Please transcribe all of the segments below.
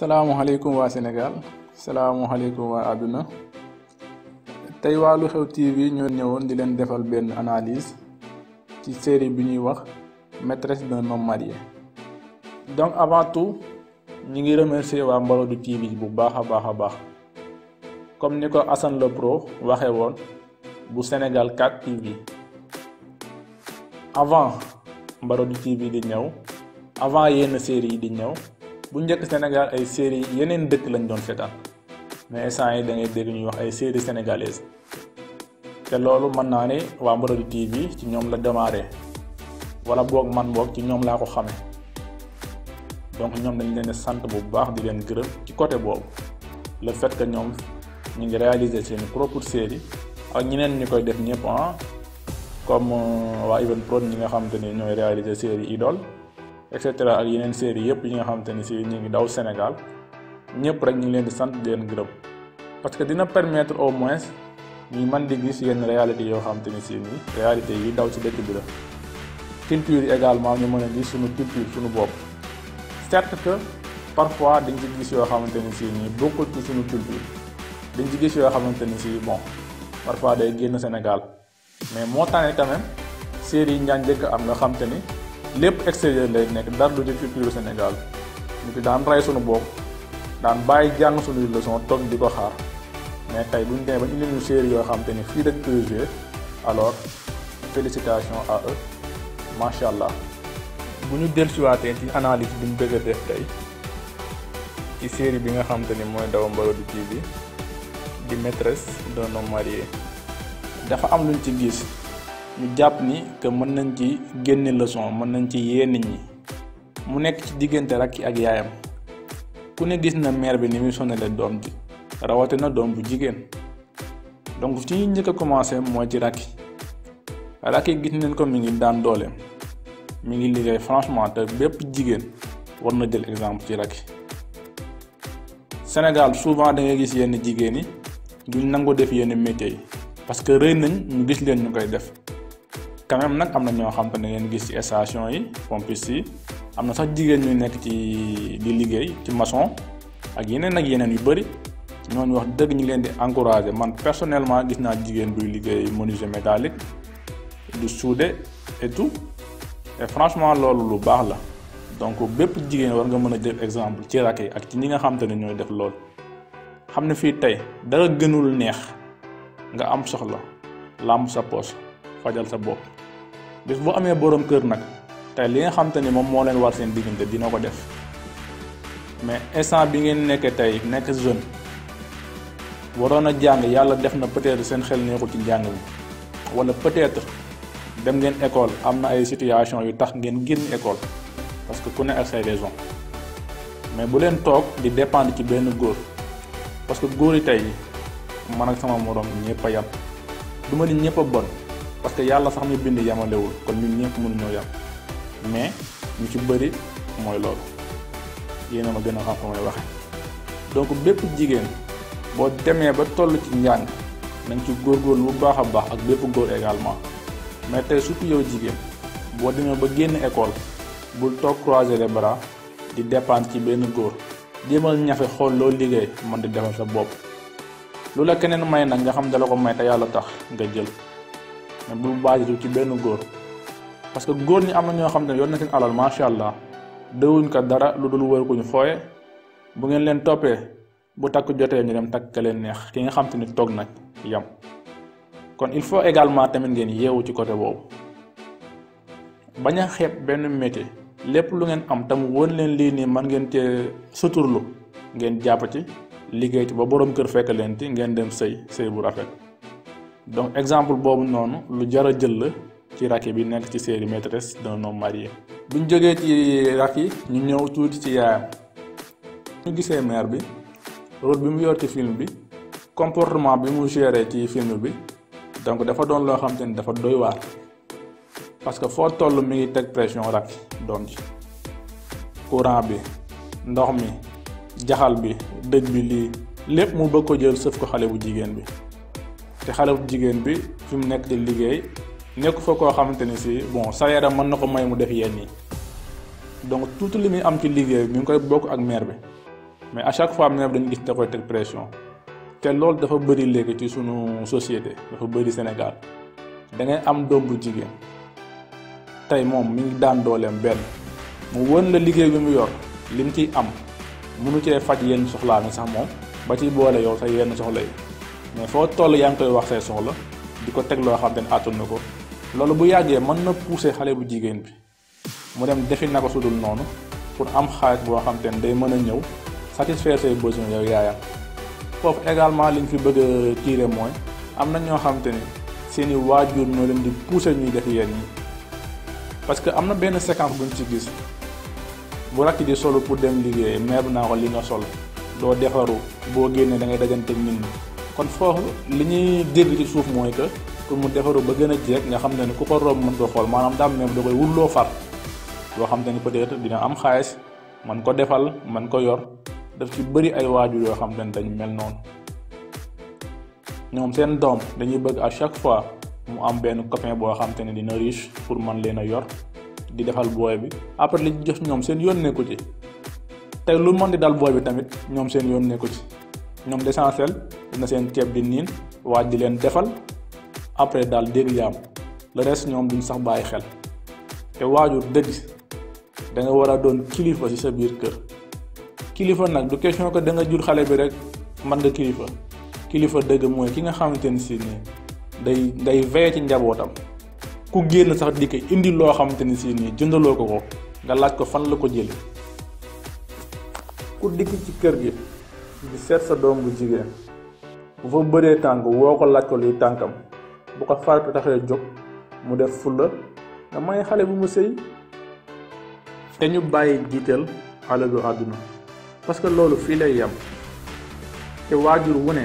salaamualeykum waa Sénégal salaamualeykum waa àdduna tey waa Lu Xew TV ñoo ñëwoon di leen defal benn analyse ci série bi ñuy wax maîtresse d'un homme marié donc avant tout ñi ngi remercier waa du TV bu baax a baax a baax comme ni ko Assane Le Pro waxee woon bu Sénégal 4 TV avant mbaro Marodi TV di ñëw avant yenn série yi di ñëw. bu njëkk Sénégal ay série yeneen dëkk lañ doon fetal mais sant yi da ngay dégg ñuy wax ay série sénégalaise te loolu mën naa ne waa Marodi TV ci ñoom la démarré wala boog man boog ci ñoom laa ko xame donc ñoom lañ leen sant bu baax di leen gërëm ci côté boobu le fait que ñoom ñu ngi réaliser seen propre série ak ñeneen ñi koy def ñëpp ah comme euh, waa Even Prod ñi nga xam te ni ñooy réaliser série dool et cetera ak yeneen série yëpp yi nga xamante ni si ñu ngi daw Sénégal ñëpp rek ñu ngi leen di sant di leen gërëm parce que dina permettre au moins ñu man di gis yenn réalité yoo xamante ni si nii réalité yi daw si dëkk bi la culture également ñu mën a gis suñu culture suñu bopp certes que parfois dañ ci gis yoo xamante ni si nii bokkul ci suñu culture dañ ci gis yoo xamante ni si bon parfois day génn Sénégal mais moo tax ne quand même série yi njaan am nga xam ni lépp extérieur lay nekk dara du jëkk culture Sénégal ñu di daan rey suñu bopp daan bàyyi jàng suñuy leçon toog di ko xaar mais tey bu ñu demee ba indi ñu série yoo xam te ni fii rek peuge alors félicitations à eux macha allah bu ñu dellusiwaatee ci analyse bi ñu bëgg def tey ci série bi nga xam ni mooy Daw di TV di maîtresse d'un homme marié dafa am luñ ci gis mu jàpp ni que mën nañ ci génne leçon mën nañ ci yee ñi mu nekk ci diggante rakki ak yaayam ku ne gis na maire bi ni muy sonalee doom ji rawatina doom bu jigéen donc ci ñuy njëkk a commencé mooy ci rakki rakki gis nañ ko mi ngi daan dooleem mu ngi liggéey franchement te bépp jigéen war na jël exemple ci rakki Sénégal souvent dangay gis yenn jigéen yi duñ nangoo def yenn métier yi parce que rëy nañ ñu gis leen ñu koy def quand nag am na ñoo xam ne ngeen gis ci station yi pompiste yi am na sax jigéen ñu nekk ci di liggéey ci mason ak yeneen ak yeneen yu bëri ñooñu wax dëgg ñu leen di encourager man personnellement gis naa jigéen buy liggéey menuisier métallique du souder et tout franchement loolu lu baax la donc bépp jigéen war nga mën a def exemple ci rakk yi ak ci ñi nga xam ne ñooy def lool xam ne fii tey dara gënul neex nga am soxla làmb sa poos fajal sa bopp bis bu amee boroom kër nag tey li nga xam te moom moo leen war seen diggante dina ko def mais instant bi ngeen nekkee tey nekk jeune waroon a jàng yàlla def na peut seen xel neexul ci jàng bi walla peut-être dem ngeen école am na ay situation yu tax ngeen génn école parce que ku ne ak say raison mais bu leen toog di dépendre ci benn góor parce que góor yi tey man ak sama moroom ñëpp a yàpp du ma ni ñëpp a bon parce que yàlla sax ñu bind yemalewul kon mu ñun ñëpp mënuñoo yem mais ñu ci bëri mooy loolu yéen a ma gën a xam fa may waxe donc bépp jigéen boo demee ba toll ci njàng nañ ci góor góorgóorlu bu baax a baax ak bépp góor également mais tey surtout yow jigéen boo demee ba génn école bul toog croiser les bras di dépendre ci benn góor jéemal ñafe xool loo liggéey mën di defal sa bopp lu la keneen may nag nga xam dala ko may te yàlla tax nga jël mais bul ci benn góor parce que góor ñi am na ñoo xam ne yoon na seen alal macha allah dëwuñ ko dara lu dul wër ko ñu fooye bu ngeen leen toppee bu takk jotee ñu dem takk ka leen neex ki nga xam te ni toog nag yam kon il faut également tamit ngeen yeewu ci côté boobu bañ a xeeb benn métier lépp lu ngeen am tam won leen lii nii man ngeen cee suturlu ngeen jàpp ci liggéey ci ba boroom kër fekk leen ci ngeen dem sëy sëy bu rafet. donc exemple boobu noonu lu jar a jël la ci Racky bi nekk ci série maîtresse d'un homme marié buñ jógee ci Racky ñu ñëw tuuti ci yaayam ñu gisee mère bi rôle bi mu yor ci film bi comportement bi mu géré ci film bi donc dafa doon loo xam te ni dafa doy waar parce que foo tollu mi ngi teg pression Racky doom ji courant bi ndox mi jaxal bi dëj bi lii lépp mu bëgg ko jël sëf ko xale bu jigéen bi te xale bu jigéen bi fi mu nekk di liggéey nekk foo koo xamante ni si bon sa yaram mën na ko may mu def yenn yi donc tuuti li muy am ci liggéey bi mi ngi koy bokk ak mère bi mais à chaque fois mère bi dañu gis da koy teg pression te loolu dafa bëri léegi ci suñu société dafa bëri Sénégal da ngay am doom bu jigéen tey moom mu ngi daan dooleem benn mu wën la liggéey bi mu yor li mu ciy am mënu cee faj yenn soxlaa mi sax moom ba ci boole yow sax yenn soxla yi. mais foo toll yaa ngi koy wax say soxla di ko teg loo xam ne àttan na ko loolu bu yàggee mën na pousser xale bu jigéen bi mu dem defi na ko sudul noonu pour am xaalis boo xam te day mën a ñëw satisfaire say besoins yow yaayam foofu également liñ fi bëgg a mooy am na ñoo xam te ni seeni waajur ñoo leen di pousser ñuy def yenn yi parce que am na benn bu buñ ci gis bu rakk di solu pour dem liggéey meer bi naa ko li nga sol doo defaru boo génnee da ngay dajanteeg nit kon foofu li ñuy dégg ci suuf mooy que pour mu defaru ba gën a jeeg nga xam ne ni ku ko romb mën ko xool maanaam daam même da koy wulloo far boo xam te ni peut-être dina am xaalis man ko defal man ko yor daf ci bëri ay waajur yoo xam te dañ mel noonu ñoom seen doom dañuy bëgg à chaque fois mu am benn copain boo xam ne dina riche pour man leen a yor di defal booy bi après li jox ñoom seen yoon nekku ci te lu mën di dal booy bi tamit ñoom seen yoon nekku ci ñoom na seen ceeb bi niin waa di leen defal après daal dégg yaam le reste ñoom duñ sax bàyyi xel te waajur dëgg danga war a doon kilifa ci sa biir kër kilifa nag du question que da nga jur xale bi rek man nga kilifa kilifa dëgg mooy ki nga xamante ni si nii day day veye ci njabootam ku génn sax di ko indi loo xamante ni si nii jëndaloo ko ko nga laaj ko fan la ko jële ku dikk ci kër gi di seet sa doom bu jigéen bu fa bëree tànk woo ko laaj ko luy tànkam bu ko faratu taxee jóg mu def fulla nga may xale bu mu sëy te ñu bàyyi xale alalu àdduna parce que loolu fii lay yem te waajur wu ne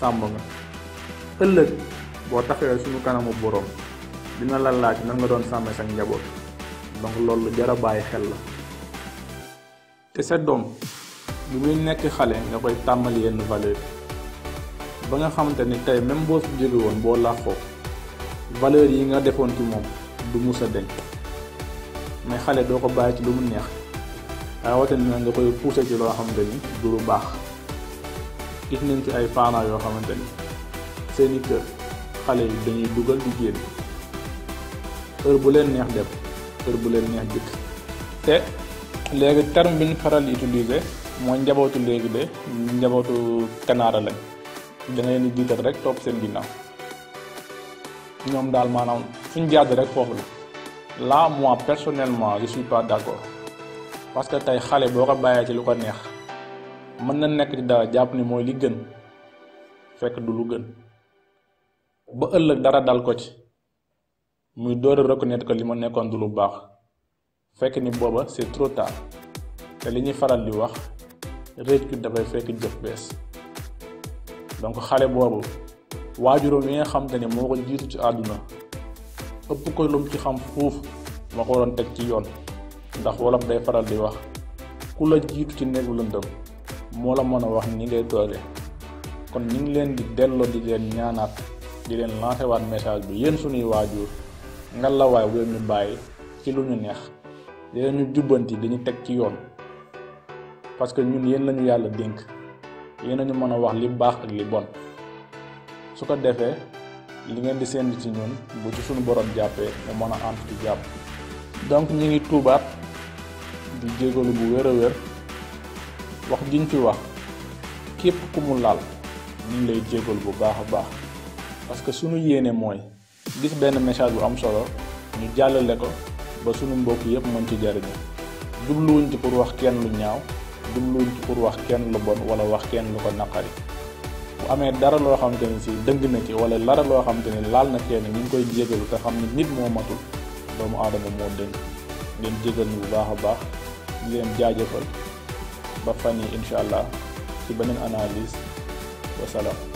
sàmm nga ëllëg boo taxee suñu kanamu boroom dina la laaj nan nga doon sàmmee sa njaboot donc loolu jar a bàyyi xel la te sa doom bi muy nekk xale nga koy tàmbali yenn valeur ba nga xamante ni tey même boo fi jóge woon boo làqoo valeur yi nga defoon ci moom du muus a deñ mais xale doo ko bàyyi ci lu mu neex rawatina nga koy pousser ci loo xamante ni du lu baax gis nañ ci ay parents yoo xamante ni seeni kër xale yi dañuy dugal di génn heure bu leen neex dem heure bu leen neex dikk te léegi terme bi ñu faral di utiliser mooy njabootu léegi de njabootu kanaara lañ dana leen di jiital rek topp seen ginnaaw ñoom daal maanaam suñ jàdd rek foofu la là moi personnellement je suis pas d'accord parce que tey xale boo ko bàyyee ci lu ko neex mën na nekk ci dara jàpp ni mooy li gën fekk du lu gën ba ëllëg dara dal ko ci muy door a reconnaître que li ma nekkoon du lu baax fekk ni booba c'est trop tard te li ñuy faral di wax réccu dafay fekk jëf bees donc xale boobu waajuram yi nga xam te ne moo ko jiitu ci àdduna ëpp ko lum ci xam fuuf ma ko waroon teg ci yoon ndax wolof day faral di wax ku la jiitu ci néegu lëndëm moo la mën a wax ni lay toogee kon ñu ngi leen di delloo di leen ñaanaat di leen lancé waat message bi yéen suñuy waajur ngalawaay bu leen ñu bàyyi ci lu ñu neex di leen ñu jubbanti dañu teg ci yoon parce que ñun yéen lañu yàlla dénk yéen a ñu mën a wax li baax ak li bon su ko defee li ngeen di send ci ñun bu ci suñu borom jàppee mu mën a ant ci jàpp donc ñu ngi tuubaat di jégalu bu wér a wér wax giñ ci wax képp ku mu laal ñu ngi lay jégalu bu baax a baax parce que suñu yéene mooy gis benn message bu am solo ñu jàllale ko ba suñu mbokk yépp mën ci jariñu jubluwuñ ci pour wax kenn lu ñaaw jubluwuñ ci pour wax kenn lu bon wala wax kenn lu ko naqari bu amee dara loo xamante ne si dëng na ci wala lara loo xamante ne laal na kenn ñu koy jégalu te xam ne nit moo matul doomu aadama moo dëng ngeen jégal ñu bu baax a baax di leen jaajëfal ba fan yi incha allah ci beneen analyse wasalaam